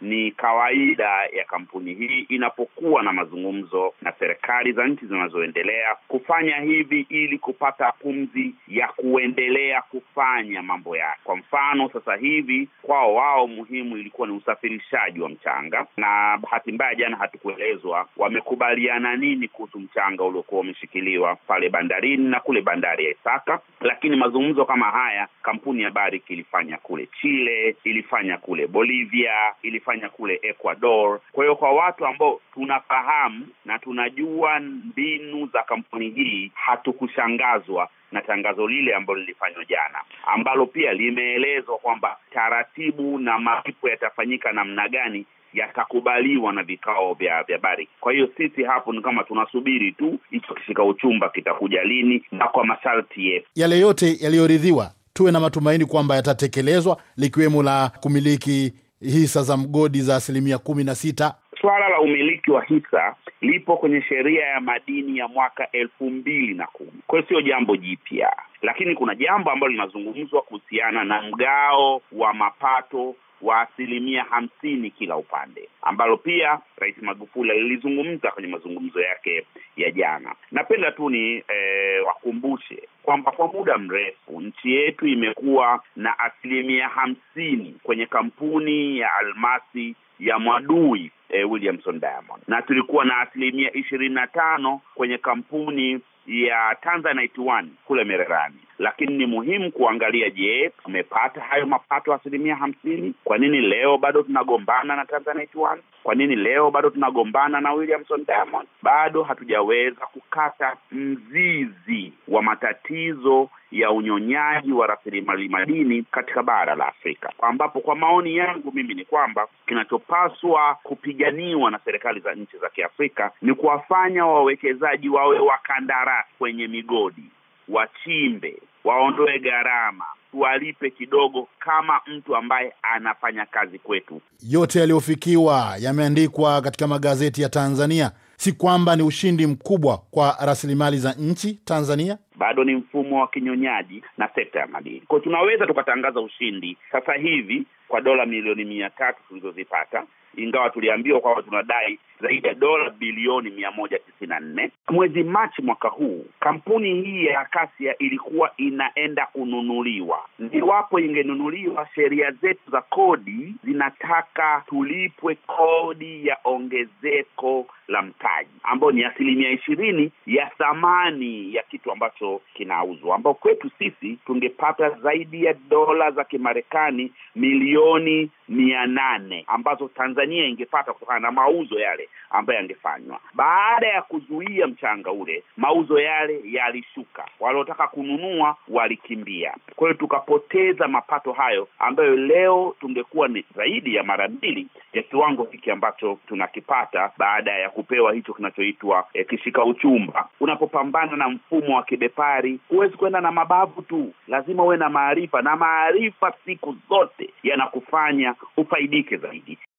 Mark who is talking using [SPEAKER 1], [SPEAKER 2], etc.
[SPEAKER 1] Ni kawaida ya kampuni hii inapokuwa na mazungumzo na serikali za nchi zinazoendelea kufanya hivi ili kupata pumzi ya kuendelea kufanya mambo yake. Kwa mfano, sasa hivi kwao wao muhimu ilikuwa ni usafirishaji wa mchanga, na bahati mbaya jana hatukuelezwa wamekubaliana nini kuhusu mchanga uliokuwa umeshikiliwa pale bandarini na kule bandari ya Isaka. Lakini mazungumzo kama haya kampuni ya Barrick ilifanya kule Chile, ilifanya kule Bolivia, ilifanya kufanya kule Ecuador. Kwa hiyo kwa watu ambao tunafahamu na tunajua mbinu za kampuni hii, hatukushangazwa na tangazo lile ambalo lilifanywa jana, ambalo pia limeelezwa kwamba taratibu na malipo yatafanyika namna gani yatakubaliwa na vikao vya vya Kwa hiyo sisi hapo ni kama tunasubiri tu hicho kishika uchumba kitakuja lini na kwa masharti yetu.
[SPEAKER 2] Yale yote yaliyoridhiwa, tuwe na matumaini kwamba yatatekelezwa likiwemo la kumiliki hisa za mgodi za asilimia kumi na sita.
[SPEAKER 1] Swala la umiliki wa hisa lipo kwenye sheria ya madini ya mwaka elfu mbili na kumi. Kwa hiyo sio jambo jipya, lakini kuna jambo ambalo linazungumzwa kuhusiana na mgao wa mapato wa asilimia hamsini kila upande, ambalo pia Rais Magufuli alilizungumza kwenye mazungumzo yake ya jana. Napenda tu ni eh, wakumbushe kwamba kwa muda mrefu nchi yetu imekuwa na asilimia hamsini kwenye kampuni ya almasi ya Mwadui eh, Williamson Diamond na tulikuwa na asilimia ishirini na tano kwenye kampuni ya Tanzanite One kule Mererani, lakini ni muhimu kuangalia, je, tumepata hayo mapato asilimia hamsini? Kwa nini leo bado tunagombana na Tanzanite One? Kwa nini leo bado tunagombana na Williamson Diamond? Bado hatujaweza kukata mzizi wa matatizo ya unyonyaji wa rasilimali madini katika bara la Afrika, ambapo kwa maoni yangu mimi ni kwamba kinachopaswa kupiganiwa na serikali za nchi za Kiafrika ni kuwafanya wawekezaji wawe wakandarasi kwenye migodi, wachimbe, waondoe gharama tuwalipe kidogo kama mtu ambaye anafanya kazi kwetu.
[SPEAKER 2] Yote yaliyofikiwa yameandikwa katika magazeti ya Tanzania. Si kwamba ni ushindi mkubwa kwa rasilimali za nchi Tanzania
[SPEAKER 1] bado ni mfumo wa kinyonyaji na sekta ya madini. Kwa tunaweza tukatangaza ushindi sasa hivi kwa dola milioni mia tatu tulizozipata, ingawa tuliambiwa kwamba tunadai zaidi ya dola bilioni mia moja tisini na nne. Mwezi Machi mwaka huu kampuni hii ya kasia ilikuwa inaenda kununuliwa. Iwapo ingenunuliwa, sheria zetu za kodi zinataka tulipwe kodi ya ongezeko la mtaji ambayo ni asilimia ishirini ya thamani ya kitu ambacho ambazo kinauzwa, ambao kwetu sisi tungepata zaidi ya dola za Kimarekani milioni mia nane ambazo Tanzania ingepata kutokana na mauzo yale ambayo yangefanywa. Baada ya kuzuia mchanga ule, mauzo yale yalishuka, waliotaka kununua walikimbia. Kwa hiyo tukapoteza mapato hayo ambayo leo tungekuwa ni zaidi ya mara mbili ya kiwango hiki ambacho tunakipata baada ya kupewa hicho kinachoitwa eh, kishika uchumba. Unapopambana na mfumo wa kibepari, huwezi kwenda na mabavu tu, lazima uwe na maarifa, na maarifa siku zote yanakufanya o pai dica, bem,